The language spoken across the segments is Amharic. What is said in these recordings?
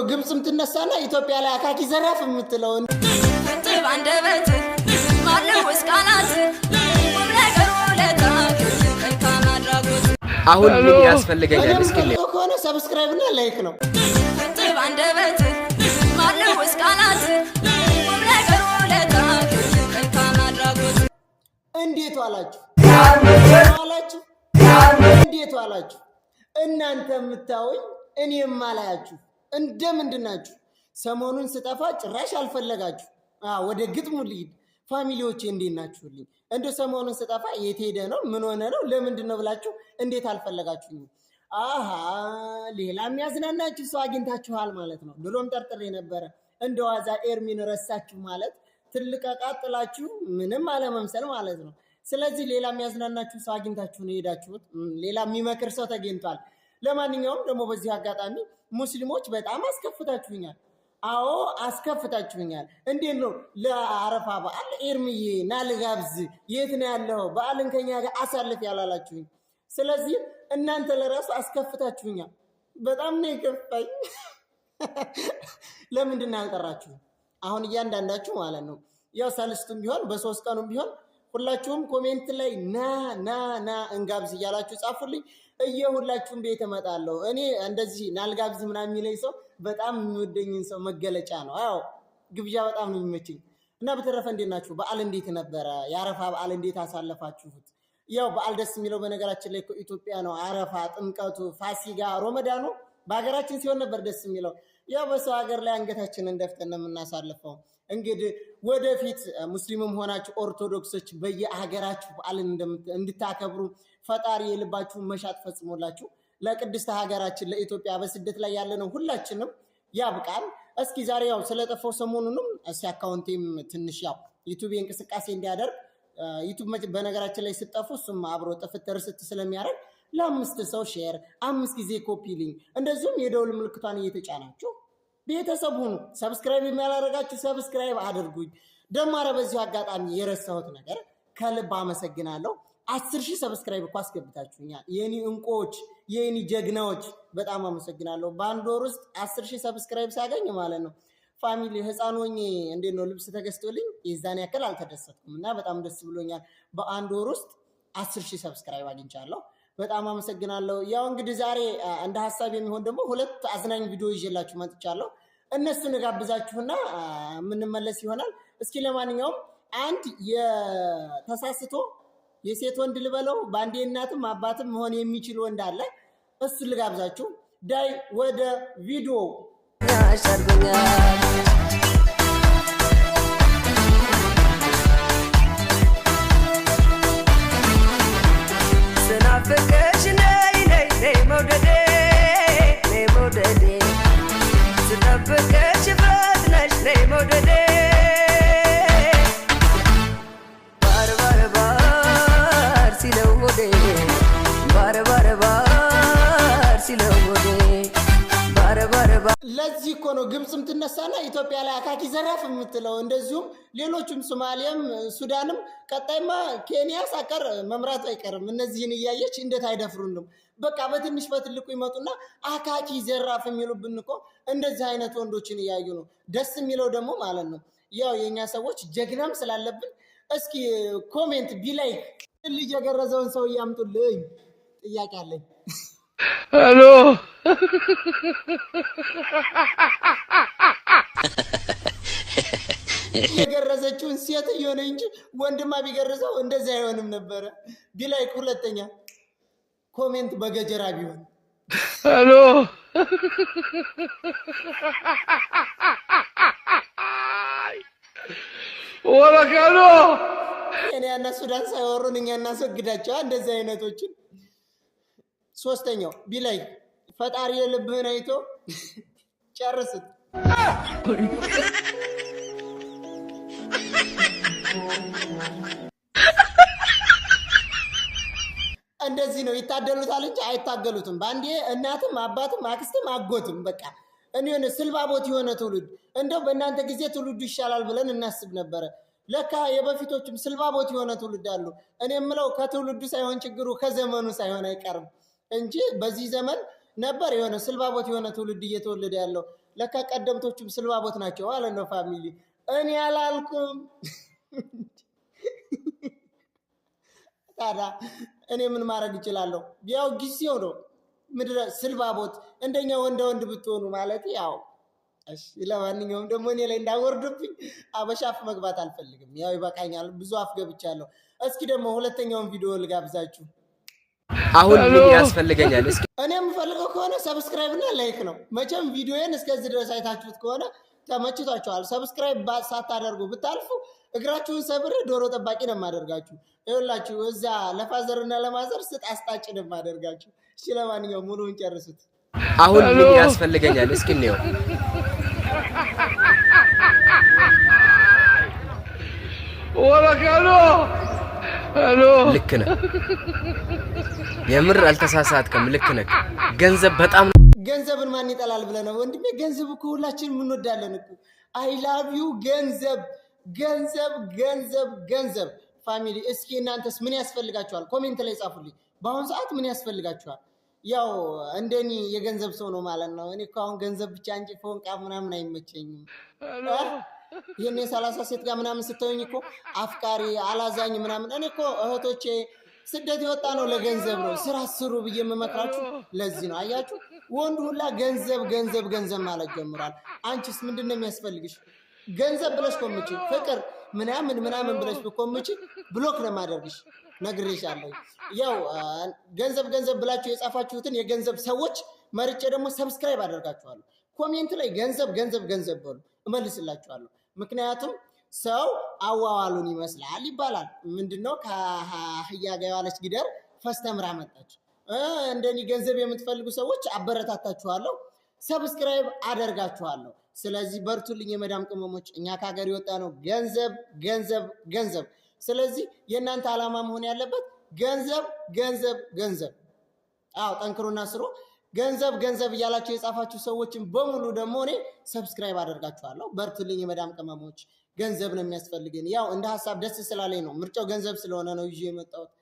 ነው ግብፅም ትነሳና ኢትዮጵያ ላይ አካኪ ዘራፍ የምትለውን አሁን ምን ያስፈልገኛል? እስኪ ከሆነ ሰብስክራይብ እና ላይክ ነው። እንዴት ዋላችሁ? ዋላችሁ? እንዴት ዋላችሁ? እናንተ የምታዩኝ እኔ የማላያችሁ እንደ ምንድናችሁ ሰሞኑን ስጠፋ ጭራሽ አልፈለጋችሁ። ወደ ግጥሙ ልሂድ። ፋሚሊዎች እንዴት ናችሁልኝ? እንደ ሰሞኑን ስጠፋ የት ሄደ ነው ምን ሆነ ነው ለምንድን ነው ብላችሁ እንዴት አልፈለጋችሁኝ? አሀ ሌላ የሚያዝናናችሁ ሰው አግኝታችኋል ማለት ነው። ድሮም ጠርጥሬ ነበረ። እንደ ዋዛ ኤርሚን ረሳችሁ ማለት ትልቅ ቃጥላችሁ ምንም አለመምሰል ማለት ነው። ስለዚህ ሌላ የሚያዝናናችሁ ሰው አግኝታችሁ ነው የሄዳችሁት። ሌላ የሚመክር ሰው ተገኝቷል። ለማንኛውም ደግሞ በዚህ አጋጣሚ ሙስሊሞች በጣም አስከፍታችሁኛል። አዎ አስከፍታችሁኛል። እንዴት ነው ለአረፋ በዓል ኤርምዬ ና ልጋብዝ፣ የት ነው ያለው በዓልን ከኛ ጋር አሳልፍ ያላላችሁኝ። ስለዚህ እናንተ ለራሱ አስከፍታችሁኛል። በጣም ነው የከፋኝ። ለምንድን ነው ያልጠራችሁ? አሁን እያንዳንዳችሁ ማለት ነው ያው ሰልስቱም ቢሆን በሶስት ቀኑም ቢሆን ሁላችሁም ኮሜንት ላይ ና ና ና እንጋብዝ እያላችሁ ጻፉልኝ። ሁላችሁም ቤት እመጣለሁ። እኔ እንደዚህ ናልጋብዝ ምናምን የሚለኝ ሰው በጣም የሚወደኝን ሰው መገለጫ ነው። አዎ ግብዣ በጣም ነው የሚመችኝ። እና በተረፈ እንዴት ናችሁ? በዓል እንዴት ነበረ? የአረፋ በዓል እንዴት አሳለፋችሁት? ያው በዓል ደስ የሚለው በነገራችን ላይ ኢትዮጵያ ነው። አረፋ፣ ጥምቀቱ፣ ፋሲጋ፣ ሮመዳኑ በሀገራችን ሲሆን ነበር ደስ የሚለው ያው በሰው ሀገር ላይ አንገታችን ደፍተን የምናሳልፈው። እንግዲህ ወደፊት ሙስሊምም ሆናችሁ ኦርቶዶክሶች በየሀገራችሁ በዓልን እንድታከብሩ ፈጣሪ የልባችሁን መሻት ፈጽሞላችሁ ለቅድስተ ሀገራችን ለኢትዮጵያ በስደት ላይ ያለነው ሁላችንም ያብቃል። እስኪ ዛሬ ያው ስለጠፋው ሰሞኑንም እስኪ አካውንቴም ትንሽ ያው ዩቱብ እንቅስቃሴ እንዲያደርግ ዩቱብ በነገራችን ላይ ስጠፉ እሱም አብሮ ጥፍት ርስት ስለሚያደርግ ለአምስት ሰው ሼር አምስት ጊዜ ኮፒ ሊንክ፣ እንደዚሁም የደውል ምልክቷን እየተጫናችሁ ቤተሰብ ሁኑ። ሰብስክራይብ የሚያላረጋችሁ ሰብስክራይብ አድርጉኝ። ደማረ በዚሁ አጋጣሚ የረሳሁት ነገር ከልብ አመሰግናለሁ። አስር ሺህ ሰብስክራይብ እኮ አስገብታችሁኛል። የኔ እንቁዎች፣ የኔ ጀግናዎች በጣም አመሰግናለሁ። በአንድ ወር ውስጥ አስር ሺህ ሰብስክራይብ ሳገኝ ማለት ነው ፋሚሊ ህፃን ሆኜ እንዴት ነው ልብስ ተገዝቶልኝ የዛን ያክል አልተደሰትኩም እና በጣም ደስ ብሎኛል። በአንድ ወር ውስጥ አስር ሺህ ሰብስክራይብ አግኝቻለሁ። በጣም አመሰግናለሁ። ያው እንግዲህ ዛሬ እንደ ሀሳብ የሚሆን ደግሞ ሁለት አዝናኝ ቪዲዮ ይዤላችሁ መጥቻለሁ። እነሱን እጋብዛችሁና የምንመለስ ይሆናል። እስኪ ለማንኛውም አንድ የተሳስቶ የሴት ወንድ ልበለው በአንዴ እናትም አባትም መሆን የሚችል ወንድ አለ። እሱን ልጋብዛችሁ ዳይ ወደ ቪዲዮ ለዚህ እኮ ነው ግብፅም ትነሳና ኢትዮጵያ ላይ አካኪ ዘራፍ የምትለው። እንደዚሁም ሌሎቹም ሶማሊያም ሱዳንም ቀጣይማ ኬንያ ሳቀር መምራት አይቀርም። እነዚህን እያየች እንዴት አይደፍሩንም? በቃ በትንሽ በትልቁ ይመጡና አካኪ ዘራፍ የሚሉብን እኮ እንደዚህ አይነት ወንዶችን እያዩ ነው። ደስ የሚለው ደግሞ ማለት ነው ያው የእኛ ሰዎች ጀግናም ስላለብን እስኪ ኮሜንት ቢላይክ ልጅ የገረዘውን ሰው እያምጡልኝ። ጥያቄ አለኝ። ሄሎ የገረዘችውን ሴት እየሆነ እንጂ ወንድማ ቢገርዘው እንደዚህ አይሆንም ነበረ። ቢላይክ ሁለተኛ ኮሜንት በገጀራ ቢሆን ሄሎ ወለካሎ ኬንያና ሱዳን ሳይወሩን እኛ እናስወግዳቸዋ። እንደዚህ አይነቶችን። ሶስተኛው ቢላይ ፈጣሪ የልብህን አይቶ ጨርስት። እንደዚህ ነው ይታደሉታል እንጂ አይታገሉትም። በአንዴ እናትም አባትም አክስትም አጎትም በቃ እኔ ስልባቦት የሆነ ትውልድ እንደው በእናንተ ጊዜ ትውልዱ ይሻላል ብለን እናስብ ነበረ። ለካ የበፊቶችም ስልባቦት የሆነ ትውልድ አሉ። እኔ የምለው ከትውልዱ ሳይሆን ችግሩ ከዘመኑ ሳይሆን አይቀርም እንጂ በዚህ ዘመን ነበር የሆነ ስልባቦት የሆነ ትውልድ እየተወለደ ያለው። ለካ ቀደምቶቹም ስልባቦት ናቸው አለ ነው ፋሚሊ። እኔ አላልኩም ታዲያ እኔ ምን ማድረግ እችላለሁ? ያው ጊዜው ነው ምድረ ስልባቦት። እንደኛ ወንደ ወንድ ብትሆኑ ማለት ያው እሺ ለማንኛውም ደግሞ እኔ ላይ እንዳወርዱብኝ አበሻፍ መግባት አልፈልግም። ያው ይበቃኛል፣ ብዙ አፍ ገብቻለሁ። እስኪ ደግሞ ሁለተኛውን ቪዲዮ ልጋብዛችሁ። አሁን ምን ያስፈልገኛል? እኔ የምፈልገው ከሆነ ሰብስክራይብ እና ላይክ ነው። መቼም ቪዲዮዬን እስከዚህ ድረስ አይታችሁት ከሆነ ተመችቷችኋል። ሰብስክራይብ ሳታደርጉ ብታልፉ እግራችሁን ሰብር ዶሮ ጠባቂ ነው የማደርጋችሁ። ይኸውላችሁ እዛ ለፋዘር እና ለማዘር ስጥ አስጣጭ ነው የማደርጋችሁ። እሺ ለማንኛውም ሙሉውን ጨርሱት። አሁን ምን ያስፈልገኛል? እስኪ እንየው ልክ ነህ። የምር አልተሳሳትክም። ልክ ነህ። ገንዘብ በጣም ገንዘብን ማን ይጠላል ብለህ ነው ወንድሜ? ገንዘብ እኮ ሁላችን የምንወዳለን እኮ። አይ ላቭ ዩ ገንዘብ፣ ገንዘብ፣ ገንዘብ፣ ገንዘብ። ፋሚሊ እስኪ እናንተስ ምን ያስፈልጋችኋል? ኮሜንት ላይ ጻፉልኝ። በአሁኑ ሰዓት ምን ያስፈልጋችኋል? ያው እንደኔ የገንዘብ ሰው ነው ማለት ነው። እኔ እኮ አሁን ገንዘብ ብቻ እንጂ ፎንቃ ምናምን አይመቸኝም። ይህን የሰላሳ ሴት ጋር ምናምን ስትሆኝ እኮ አፍቃሪ አላዛኝ ምናምን። እኔ እኮ እህቶቼ ስደት የወጣ ነው ለገንዘብ ነው። ስራ ስሩ ብዬ የምመክራችሁ ለዚህ ነው። አያችሁ ወንድ ሁላ ገንዘብ ገንዘብ ገንዘብ ማለት ጀምሯል። አንቺስ ምንድን ነው የሚያስፈልግሽ? ገንዘብ ብለሽ ኮምች ፍቅር ምናምን ምናምን ብለሽ ብኮምች ብሎክ ለማደርግሽ የማደርግሽ። ነግሬሻለሁ። ያው ገንዘብ ገንዘብ ብላችሁ የጻፋችሁትን የገንዘብ ሰዎች መርጬ ደግሞ ሰብስክራይብ አደርጋችኋለሁ። ኮሜንት ላይ ገንዘብ ገንዘብ ገንዘብ በሉ፣ እመልስላችኋለሁ። ምክንያቱም ሰው አዋዋሉን ይመስላል ይባላል። ምንድነው ከአህያ ጋ የዋለች ጊደር ፈስተምራ መጣች። እንደኔ ገንዘብ የምትፈልጉ ሰዎች አበረታታችኋለሁ፣ ሰብስክራይብ አደርጋችኋለሁ። ስለዚህ በርቱልኝ የመዳም ቅመሞች። እኛ ከሀገር የወጣ ነው ገንዘብ ገንዘብ ገንዘብ። ስለዚህ የእናንተ ዓላማ መሆን ያለበት ገንዘብ ገንዘብ ገንዘብ። አዎ ጠንክሮና ስሮ ገንዘብ ገንዘብ እያላችሁ የጻፋችሁ ሰዎችን በሙሉ ደግሞ እኔ ሰብስክራይብ አደርጋችኋለሁ። በርቱልኝ የመዳም ቅመሞች፣ ገንዘብ ነው የሚያስፈልግን። ያው እንደ ሀሳብ ደስ ስላለኝ ነው፣ ምርጫው ገንዘብ ስለሆነ ነው ይዤ የመጣሁት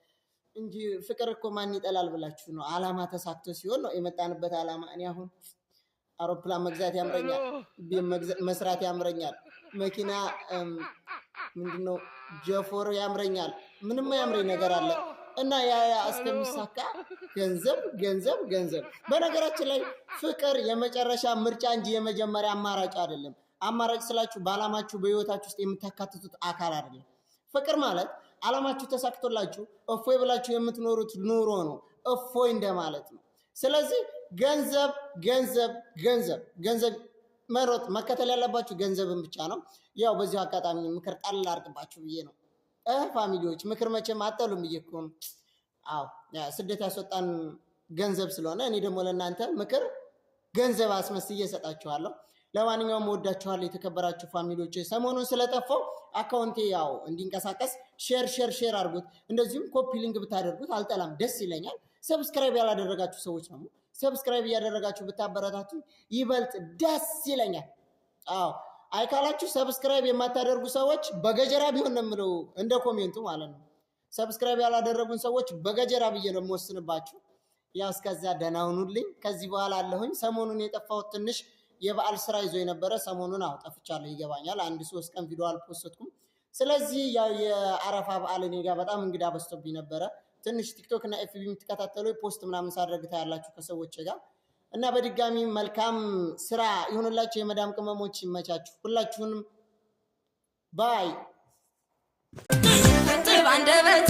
እንጂ ፍቅር እኮ ማን ይጠላል ብላችሁ ነው። አላማ ተሳክቶ ሲሆን ነው የመጣንበት አላማ። እኔ አሁን አውሮፕላን መግዛት ያምረኛል፣ መስራት ያምረኛል፣ መኪና ምንድነው ጀፎር ያምረኛል። ምንም ያምረኝ ነገር አለ እና ያ ያ እስከሚሳካ ገንዘብ ገንዘብ ገንዘብ። በነገራችን ላይ ፍቅር የመጨረሻ ምርጫ እንጂ የመጀመሪያ አማራጭ አይደለም። አማራጭ ስላችሁ በዓላማችሁ በህይወታችሁ ውስጥ የምታካትቱት አካል አይደለም። ፍቅር ማለት ዓላማችሁ ተሳክቶላችሁ እፎይ ብላችሁ የምትኖሩት ኑሮ ነው። እፎይ እንደማለት ነው። ስለዚህ ገንዘብ ገንዘብ ገንዘብ ገንዘብ መሮጥ መከተል ያለባችሁ ገንዘብን ብቻ ነው። ያው በዚሁ አጋጣሚ ምክር ጣል አድርግባችሁ ብዬ ነው። ፋሚሊዎች ምክር መቼም አጠሉም ብዬ አዎ ስደት ያስወጣን ገንዘብ ስለሆነ እኔ ደግሞ ለእናንተ ምክር ገንዘብ አስመስዬ እሰጣችኋለሁ። ለማንኛውም ወዳችኋለሁ የተከበራችሁ ፋሚሊዎች። ሰሞኑን ስለጠፋው አካውንቴ ያው እንዲንቀሳቀስ ሼር ሼር ሼር አድርጉት፣ እንደዚሁም ኮፒ ሊንክ ብታደርጉት አልጠላም፣ ደስ ይለኛል። ሰብስክራይብ ያላደረጋችሁ ሰዎች ደግሞ ሰብስክራይብ እያደረጋችሁ ብታበረታቱ ይበልጥ ደስ ይለኛል። አዎ አይካላችሁ ሰብስክራይብ የማታደርጉ ሰዎች በገጀራ ቢሆን ነው የምለው፣ እንደ ኮሜንቱ ማለት ነው። ሰብስክራይብ ያላደረጉን ሰዎች በገጀራ ብዬ ነው የምወስንባችሁ። ያው እስከዚያ ደህና ሁኑልኝ። ከዚህ በኋላ አለሁኝ። ሰሞኑን የጠፋሁት ትንሽ የበዓል ስራ ይዞ የነበረ ሰሞኑን አዎ ጠፍቻለሁ፣ ይገባኛል። አንድ ሶስት ቀን ቪዲዮ አልፖስትኩም። ስለዚህ ያው የአረፋ በዓል እኔ ጋር በጣም እንግዳ በዝቶብኝ ነበረ። ትንሽ ቲክቶክ እና ኤፍቢ የምትከታተሉ ፖስት ምናምን ሳደርግ ታያላችሁ ከሰዎች ጋር እና በድጋሚ መልካም ስራ ይሁንላችሁ። የመዳም ቅመሞች ይመቻችሁ። ሁላችሁንም ባይ አንደበት